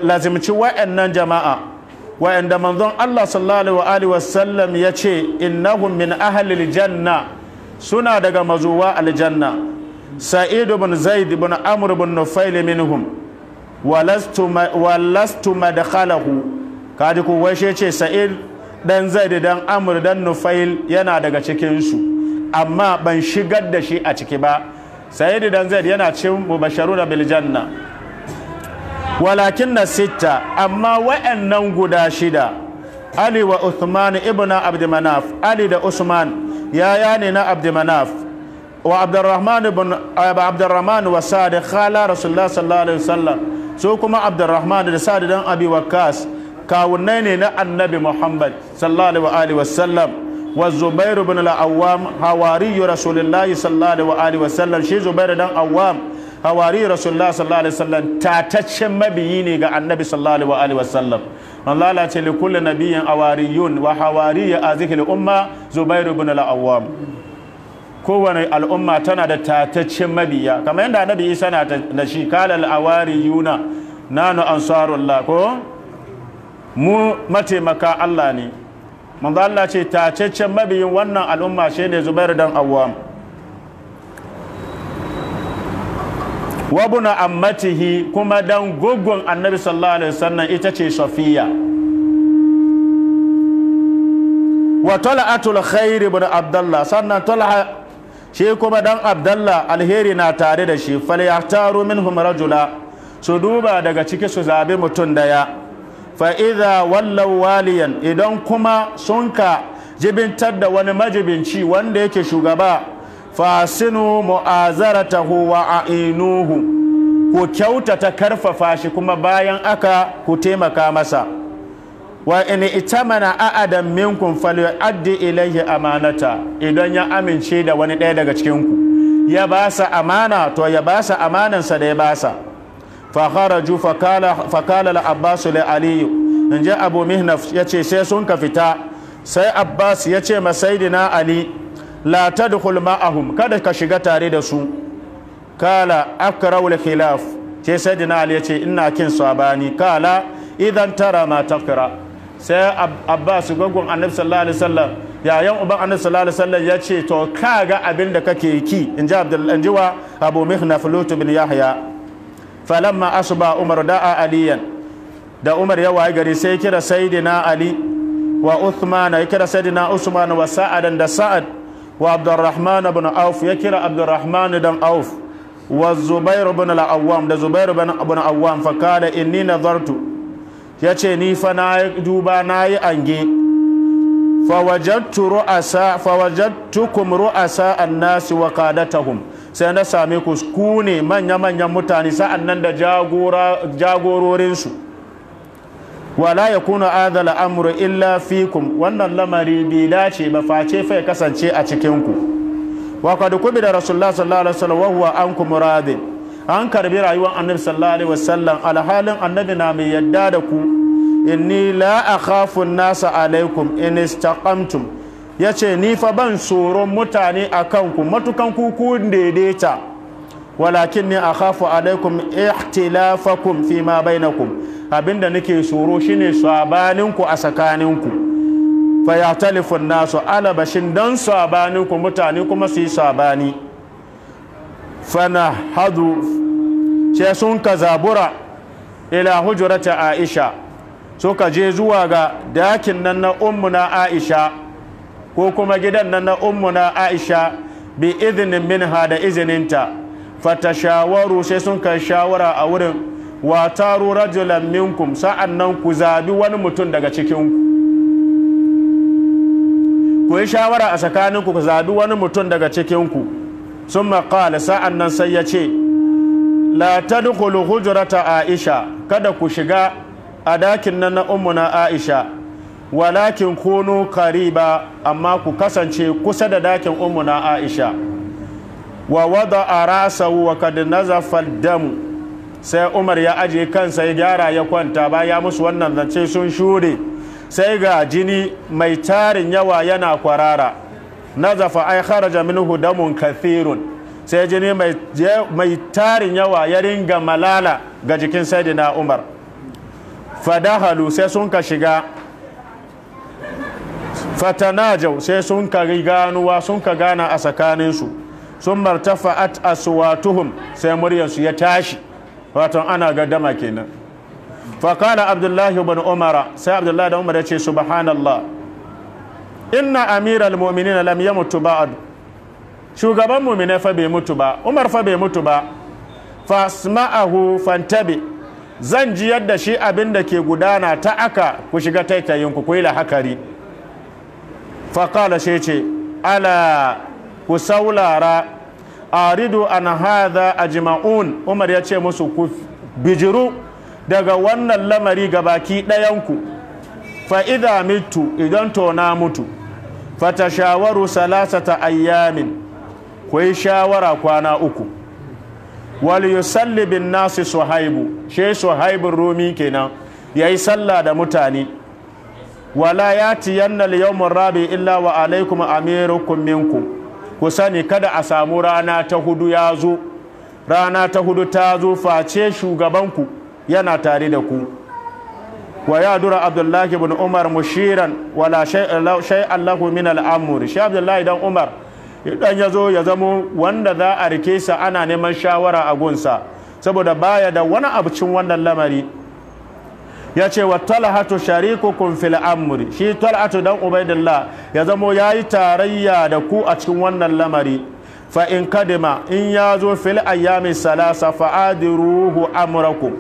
lazimci wa'annan jama'a wa'anda manzon Allah sallallahu alaihi wa sallam ya ce innahum min ahlil janna suna daga mazuwa aljanna sa'id ibn zaid ibn amr ibn nufail minhum walastu da madkhalahu kadi ku waishe ce sa'id dan zaid dan amr dan nufail yana daga cikin su amma ban shigar da shi a ciki ba sayidu dan zaid yana cin mubasharuna bil Biljanna. walakin na sita amma wa'annan guda shida ali wa uthman ibn abdulmanaf ali da usman yaya ne na abdulmanaf wa abdurrahman ibn abdurrahman wa sa'd khala rasulullah sallallahu alaihi wasallam so kuma abdurrahman da sa'd dan abi waqqas kawunnai ne na annabi muhammad sallallahu alaihi wasallam wa Zubairu bin al-Awwam hawari Rasulullahi sallallahu alaihi wa sallam shi Zubairu dan Awwam hawari Rasulullahi sallallahu alaihi wa sallam tataccen mabiyi ne ga Annabi sallallahu alaihi wa sallam Allah la ce likulli nabiyyin awariyun wa hawari a zikil umma Zubairu bin al kowane al'umma tana da tataccen mabiya kamar yadda annabi isa na da shi kalal awari yuna nanu ansarullah ko mu mataimaka Allah ne manzo Allah ce tacaccen mabiyin wannan al'umma shine Zubair dan Awwam wabuna ammatihi kuma dan gugun annabi sallallahu alaihi wasallam ita ce Safiya wa tala'atul khair ibn Abdullah sannan tal'a shi kuma dan Abdullah alheri na tare da shi yahtaru minhum rajula su duba daga ciki su zabi mutum daya fa'iza wallau waliyan idan kuma sun ka jibintar da wani majibinci wanda yake shugaba fasinu mu'azaratahu wa a'inuhu ku kyautata karfafa shi kuma bayan aka ku taimaka masa wa in mana a'adan minkum falyaddi ilaihi amanata idan ya amince da wani ɗaya daga cikin ku ya sa amana to ya ba sa amanansa da ya ba sa. fakharaju fakala la abbas li ali in ji abu mihnaf ya ce sai sun ka fita sai abbas ya ce masaidina ali la ta a ma'ahum kada ka shiga tare da su kala akraw khilaf ce sayyidina ali ya ce ina kin sabani kala idan tara ma takra sai abbas gogon annabi sallallahu alaihi wasallam yayan uban annabi sallallahu alaihi wasallam ya ce to kaga abin da kake ki in ji abdul anjiwa abu mihnaf lutu bin yahya falamma asuba umar da'a aliyan da umar ya waye gari sai kira sayyidina ali wa uthman ya kira sayyidina usman wa sa'ad da sa'ad wa abdurrahman ibn auf ya kira abdurrahman dan auf wa zubair ibn al-awwam da zubair ibn awwam fa kana inni nadartu ce ni fa na duba na nayi ange فوجدت رؤساء فوجدتكم رؤساء الناس وقادتهم sai na same ku ku ne manya-manyan mutane sa'an nan da jagororinsu wala ya kuna adala amuru illa fikum wannan lamari bi dace ba face fai kasance a cikinku wa kubi da rasulullah sallallahu alaihi wasallam wa huwa ankum an karbi rayuwar annabi sallallahu alaihi wasallam alhalin annabi na mai yadda da ku inni la akhafu nasa alaikum in istaqamtum ya ce ni fa ban tsoron mutane a kanku matukan kuku daidaita walakin ne a hafu alaikum ihtilafakum fi ma bainakum abinda nake tsoro shine sabaninku a tsakaninku fa ya talifin nasu alabashin don sabaninku mutane kuma su yi sabani fana hadu ce sun ka zabura ila hujurata aisha suka je zuwa ga dakin nan na ummuna aisha ko kuma gidan nan na ummuna aisha bi izinin minha da izininta fatashawaru sai sun kai shawara a wurin wa taru rajulan minkum sa'an nan ku zabi wani mutum daga cikin ku yi shawara a tsakaninku ku zabi wani mutum daga cikinku sun maƙala sa'an nan sai ya ce la ta hujrata aisha kada ku shiga a dakin nan na ummuna aisha walakin kunu kariba amma ku kasance kusa da dakin umu na Aisha wa wada rasa wa kad nazafar damu sai Umar ya aje kansa ya gyara ya kwanta ba ya musu wannan zance sun shure sai ga jini mai tarin yawa yana kwarara nazafa ai kharaja minhu damun kathirun sai jini mai tarin yawa ya ringa malala ga jikin saidina Umar fadahalu sai sun ka shiga fatanajau sai sun ka ganuwa sun ka gana a tsakaninsu sun martafa martafa'at aswatuhum sai muryarsu ya tashi wato ana gadama kenan fakala abdullahi ibn umara sai abdullahi da umara ce subhanallah inna amiral mu'minina lam yamutu ba'd shugaban mu'mina fa bai mutu ba umar fa bai mutu ba fasma'ahu fantabi zan ji yadda shi abin da ke gudana ta aka ku shiga taitayinku ku yi lahakari faƙala shi ce ala ku saulara aridu an hada ajma'un umar ya ce musu ku bijiru daga wannan lamari ga baki ɗayanku fa'ida mitu idan tona mutu fatashawaru salasata ayyamin ku yi shawara kwana uku Wali yusalli bin nasi suhaibu shi suhaibun romi kenan ya yi sallah da mutane wala ya ci yannal mun rabi illa wa alaikum amirukum minkum ku sani kada a samu rana ta hudu ya zo rana ta hudu ta zo face shugabanku yana tare da ku wa ya dura abdullahi bin umar mushiran wala shay'an lahu min al'amur shi abdullahi dan umar idan ya zo ya zamo wanda za a rike sa ana neman shawara a gunsa saboda baya da wani abcin wannan lamari ya ce wa talhatu sharikukum fil amri shi talhatu dan ubaidillah ya zamo yayi tarayya da ku a cikin wannan lamari fa in kadima in ya zo fil ayami salasa fa adiruhu amrakum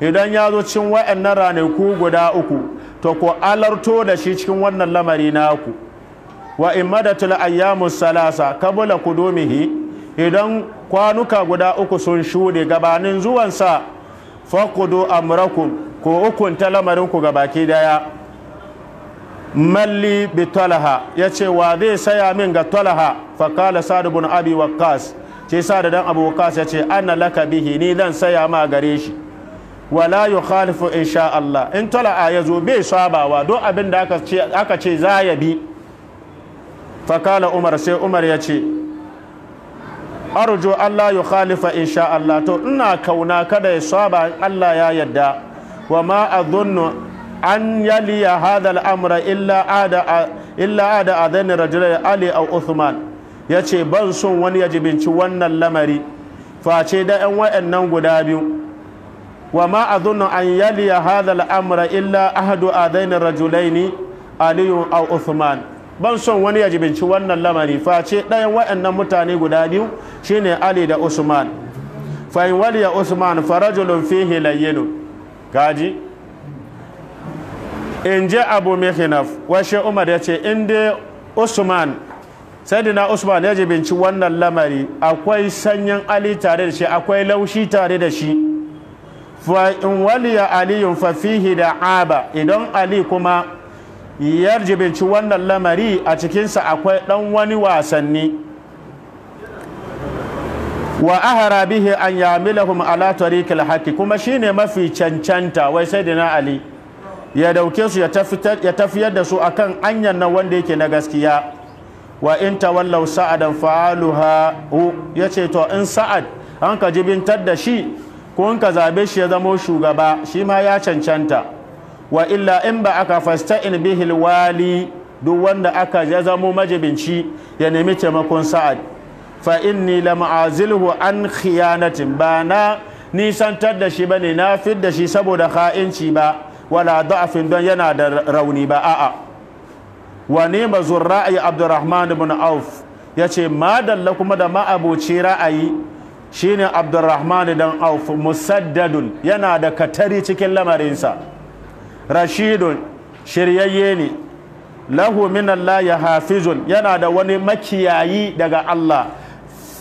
idan ya zo cikin wa'annan ranaku guda uku to ku alarto da shi cikin wannan lamari naku wa in madatul ayyamu salasa kabula kudumihi idan kwanuka guda uku sun shuɗe gabanin zuwansa faqudu amrakum Ko ukunta lamarin ku ga baki daya malli bi talaha ya ce wa zai saya min ga talaha fakala sadu bin abi waqas ce sadu dan abu yace ya ce ana laka bihi ni zan saya ma gare shi wala yukhalifu insha Allah in talaha ya zo bai sabawa don abin da aka ce aka za ya bi fakala umar sai umar ya ce arjo Allah yukhalifa insha Allah to ina kauna kada ya saba Allah ya yadda wa ma adhunnu an yaliya hadha al'amra illa ada illa ada adhan rajulai ali aw uthman yace ban son wani ya jibinci wannan lamari face da yan wayannan guda biyu wa ma adhunnu an yaliya hadha amra illa ahadu adhan rajulaini ali aw uthman ban son wani ya jibinci wannan lamari face ɗayan waɗannan mutane guda biyu shine Ali da Usman fa in waliya Usman farajulun fihi layyinun kaji in je abu mihinaf washe umar ya ce in dai usman dina usman ya jibinci wannan lamari akwai sanyin ali tare da shi akwai laushi tare da shi fa in waliya aliyun fa fihi da aba idan ali kuma ya jibinci wannan lamari a cikinsa akwai dan wani wasanni wa ahara bihi an yamilahum ala tariqil haqqi kuma shine mafi cancanta wai sai na ali ya dauke su ya tafiyar da su a kan anyan na wanda yake na gaskiya wa in tawallaw sa'adan fa'aluha yace to in sa'ad an ka jibintar da shi ko in ka zabe shi ya zamo shugaba shi ma ya cancanta wa illa in ba aka fasta in bihi wali duk wanda aka ya zamo majibinci ya nemi taimakon sa'ad fa inni lam'azilhu an khiyanatin ba na nisantar da shi ba ne na fid da shi saboda ha'inci ba wala da'afin don yana da rauni ba a'a wa ne mazun ra'ayi abdurrahman ibn auf ya ce madalla kuma da ma'aboci ra'ayi shine abdurrahman ibn auf musaddadun yana da katari cikin lamarinsa rashidun shiryayye ne lahu min hafizun yana da wani makiyayi daga Allah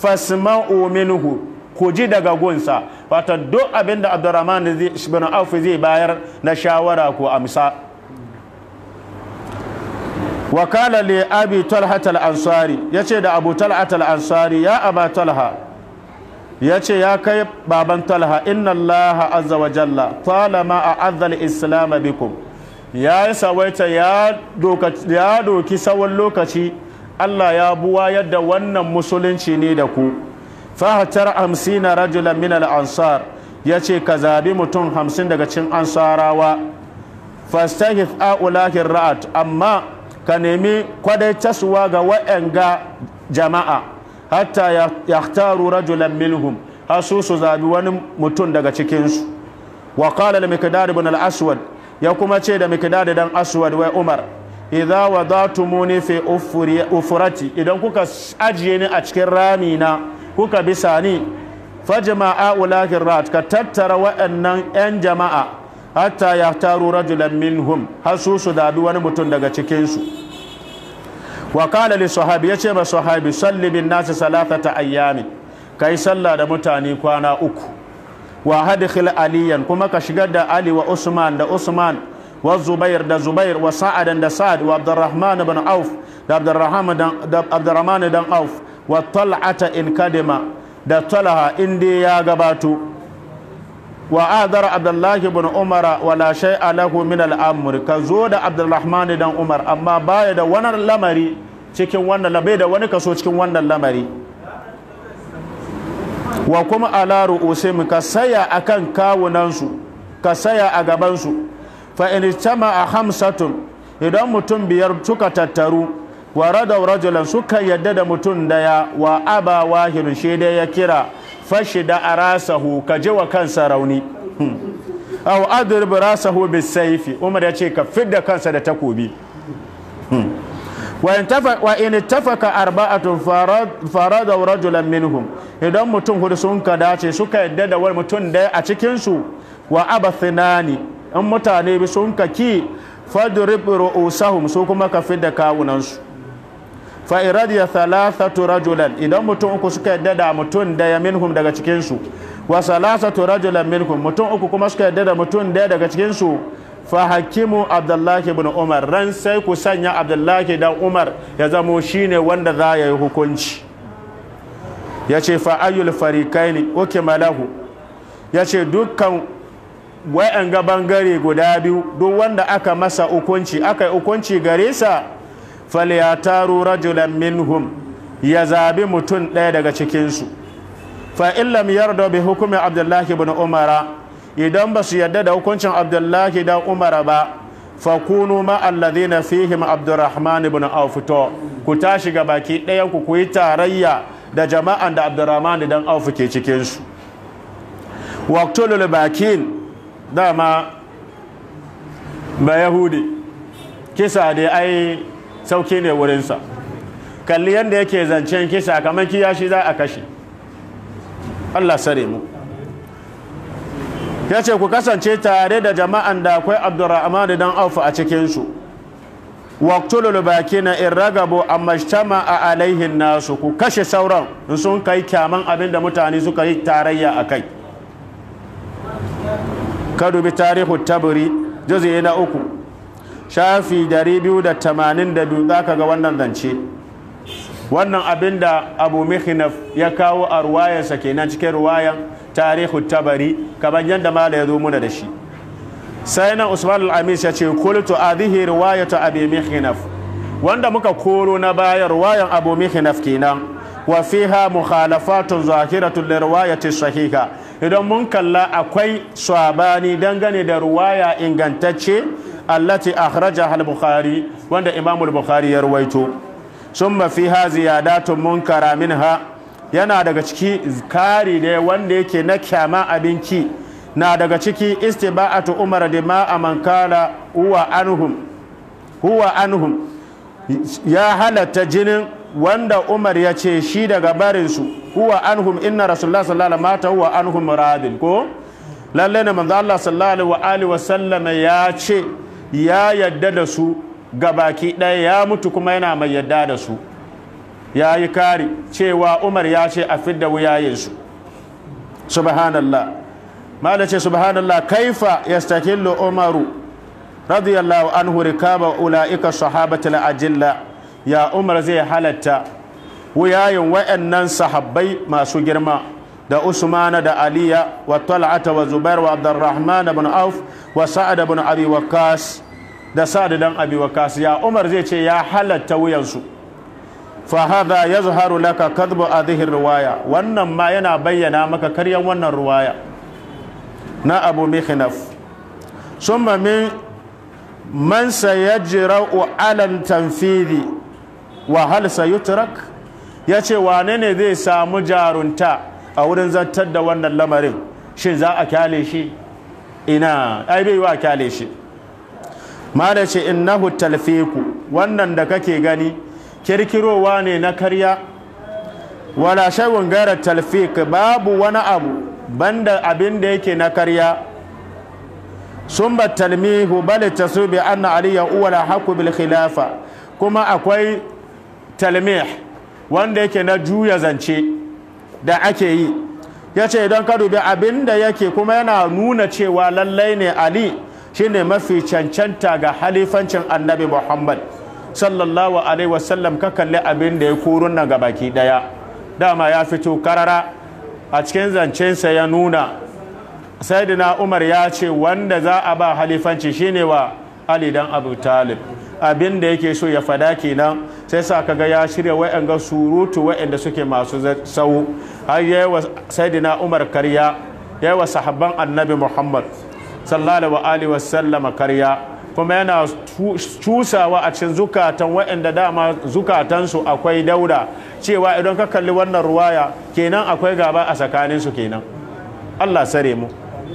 fasma hu ku ji daga gunsa wato duk abin da abdurrahman ibn auf zai bayar na shawara ko amsa wakala li abi talha al-ansari yace da abu talha al-ansari ya aba talha yace ya kai baban talha inna allaha azza wa jalla talama a al-islam bikum ya sawaita ya doki tsawon lokaci Allah ya buwa yadda wannan musulunci ne da ku fahatar hamsina rajulan min al-ansar ya ce ka zabi mutum hamsin daga cin ansarawa fastahif a'ulahin ra'at amma ka nemi kwadaitaswa ga wa'yanga jama'a hatta Yaktaru rajulan minhum har su su zabi wani mutum daga cikinsu wa qala al-miqdad ibn al-aswad ya kuma ce da miqdad dan aswad wai umar idza wadatumuni fi ufurati idan kuka ajiye ni a cikin rami na kuka bisa ni fajma'a ulaki rat ka tattara wa'annan yan jama'a hatta yahtaru rajulan minhum har su su dabi wani mutum daga cikin su wa qala li sahabi yace ma sahabi salli bin nasi salatata ayyamin kai sallah da mutane kwana uku wa hadkhil aliyan kuma ka shigar da ali wa usman da usman wa zubair da zubair wa sa'adan da sa'ad wa abdurrahman ibn auf da abdurrahman dan da abdurrahman dan auf wa tal'ata in kadima da talha in dai ya gabato wa adar abdullahi ibn umar wa la shay'a lahu min al-amr ka zo da abdurrahman dan umar amma baya da wannan lamari cikin wannan labai da wani kaso cikin wannan lamari wa kuma ala ru'usim ka saya akan kawunansu ka saya a gabansu fa in a hamsatun idan mutum biyar suka tattaru wa radau rajulan suka yadda da mutum daya wa aba shi dai ya kira fashi da arasahu ka ji wa kansa rauni hmm. aw adrib rasahu saifi umar ya ce ka fidda kansa da takobi hmm. wa in tafaka arba'atun farada rajulan minhum idan mutum hudu sun ka dace suka yadda da wani mutum daya a cikinsu wa aba thinani in mutane bi sun kaki fadrib ru'usahum su kuma ka fidda kawunansu fa iradiya thalathatu rajulan idan mutum uku suka yadda da mutum daya minhum daga cikin su wa salasatu rajulan minhum mutum uku kuma suka yadda da mutum daya daga cikin su fa hakimu abdullahi ibn umar ran sai ku sanya abdullahi dan umar ya zamo shine wanda za ya yi hukunci ya ce fa ayyul farikaini uke malahu ya ce dukkan wa'anga bangare guda biyu duk wanda aka masa hukunci aka yi hukunci gare sa falyataru rajulan minhum ya zabi mutum ɗaya daga cikinsu fa illam yarda bi hukumi abdullahi ibn umara idan ba su yadda da hukuncin abdullahi dan umara ba fa kunu ma na fihim abdurrahman ibn aufito ku tashi ga baki ɗaya ku ku tarayya da jama'an da abdurrahman dan auf ke cikinsu waqtulul bakin dama ba yahudi kisa da ai sauki ne wurinsa kalli yadda yake zancen kisa kamar kiyashi za a kashe allah sare mu ya ce ku kasance tare da jama'an da akwai abdurrahman dan aufa a cikinsu waktulul baki na in ragabo a mashtama a alaihin nasu ku kashe sauran sun kai kyaman abin da mutane suka yi tarayya a kai ka dubi tarihu tabari juzi na uku shafi 282 za ka ga wannan zance wannan abin da abu mihinaf ya kawo a ruwayarsa kenan cikin ruwayan tarihu tabari kamar yadda mala ya zo muna da shi sai nan usman al-amis ya ce kultu adhihi ta abu mihinaf wanda muka koro na baya ruwayan abu mihinaf kenan wa fiha mukhalafatun zahiratun li riwayati sahiha idan mun kalla akwai sabani dangane da ruwaya ingantacce allati akhraja al-bukhari wanda imamu al-bukhari ya ruwaito summa mun ziyadatun munkara minha yana daga ciki kari da wanda yake na kyama abinci na daga ciki istiba'atu umar tu'umar da ma huwa anhum huwa anhum ya halatta jinin wanda Umar ya ce shi daga barinsu huwa anhum inna rasulullah sallallahu alaihi ta huwa anhum radin ko lalle ne manzo Allah sallallahu alaihi wa sallam ya ce ya yadda da su gabaki ɗaya ya mutu kuma yana mai yadda da su ya yi kari cewa Umar ya ce a fidda wuyayen su subhanallah mala ce subhanallah kaifa yastakillu Umaru radiyallahu anhu rikaba ulaika sahabatul ajilla ya umar zai halatta wuyayin wa'annan sahabbai masu girma da usmana da aliya wa tal'ata wa zubair wa abdurrahman ibn auf wa sa'ad ibn abi waqas da sa'ad dan abi waqas ya umar zai ce ya halatta wuyansu fa hadha yazharu laka kadhbu hadhihi riwaya wannan ma yana bayyana maka karyan wannan riwaya na abu mihnaf summa min man sayajra'u alam tanfidhi wa hal yutrak ya ce wane ne zai samu jarunta a wurin zartar da wannan lamarin shi za a kyale shi ina ai bai wa kyale shi da ce innahu talfiku wannan da kake gani kirkirowa ne na karya wala shay'un gara talfik babu wani abu banda abin da yake na karya sun ba talmihu an na anna uwa uwala haku bil khilafa kuma akwai talmih wanda yake na juya zance da ake yi ya ce idan ka dubi abin da yake kuma yana nuna cewa lallai ne ali shine mafi cancanta ga halifancin annabi muhammad sallallahu alaihi wasallam ka kalli abin da ya kurun nan baki daya dama ya fito karara a cikin zancensa ya nuna saidina umar ya ce wanda za a ba halifanci shine wa ali dan abu talib abin da yake so ya fada kenan sai sa kaga ya shirya wa'anga surutu wa'anda suke masu sau har yayi wa Umar karya yayi wa sahabban Annabi Muhammad sallallahu alaihi wasallam karya kuma yana cusawa a cikin zukatan wa'anda dama zukatansu akwai daura cewa idan ka kalli wannan ruwaya kenan akwai gaba a tsakaninsu kenan Allah sare mu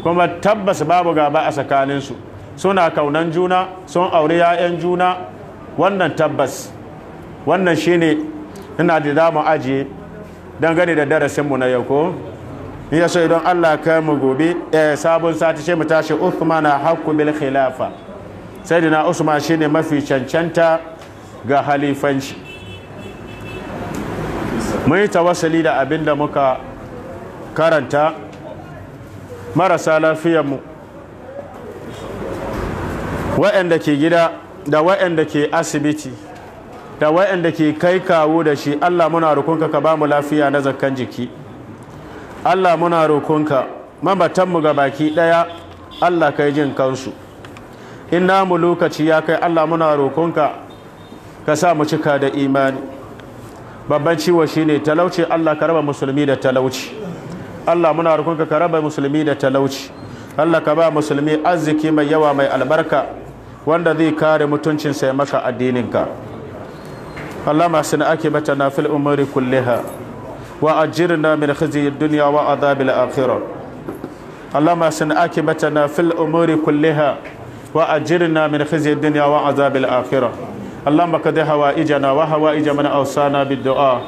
kuma tabbas babu gaba a tsakaninsu suna kaunan juna sun aure 'ya'yan juna wannan tabbas wannan shine ina da damu aji ajiye dangane da darasinmu na yau ko ni ya so idan Allah ka mu gobe eh, sabon sati sai mu tashi Uthman hakku bil khilafa dina Usman shine mafi cancanta ga halifanci mun yi tawasali da abin da muka karanta marasa lafiyar mu waɗanda ke gida da waɗanda ke asibiti da waɗanda ke kai kawo da shi Allah muna rukunka ka ba mu lafiya na zakkan jiki Allah muna rukunka mu ga baki ɗaya Allah ka yi jin kansu in namu lokaci ya kai Allah muna rukunka ka sa mu cika da imani babban ciwo shine talauci Allah ka raba musulmi da talauci Allah muna rukunka ka raba musulmi da talauci Allah ka ba musulmi arziki mai yawa mai albarka wanda zai kare mutuncinsa ya maka addininka Allah masu na ake mata na fil umari kulliha wa ajirna min khizi duniya wa adhabil akhirah Allah masu na ake mata na fil umari kulliha wa ajirna min khizi duniya wa adhabil akhirah اللهم قد هوائجنا وهوائج من أوصانا بالدعاء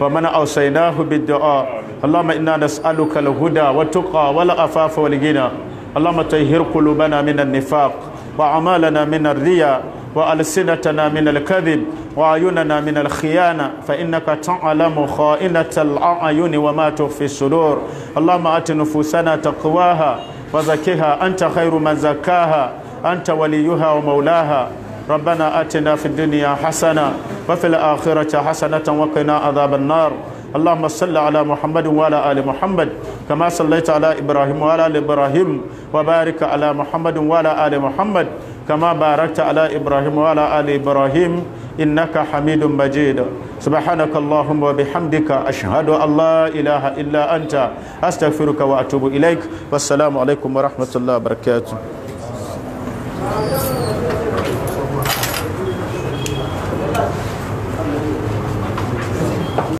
ومن أوصيناه بالدعاء اللهم إنا نسألك الهدى والتقى والعفاف والغنى اللهم طهر قلوبنا من النفاق وأعمالنا من الرياء وألسنتنا من الكذب وعيوننا من الخيانة فإنك تعلم خائنة الأعين وما تخفي الصدور اللهم آت نفوسنا تقواها وزكها أنت خير من زكاها أنت وليها ومولاها ربنا آتنا في الدنيا حسنة وفي الآخرة حسنة وقنا عذاب النار اللهم صل على محمد وعلى آل محمد كما صليت على إبراهيم وعلى آل إبراهيم وبارك على محمد وعلى آل محمد كما باركت على إبراهيم وعلى آل إبراهيم إنك حميد مجيد سبحانك اللهم وبحمدك أشهد أن لا إله إلا أنت أستغفرك وأتوب إليك والسلام عليكم ورحمة الله وبركاته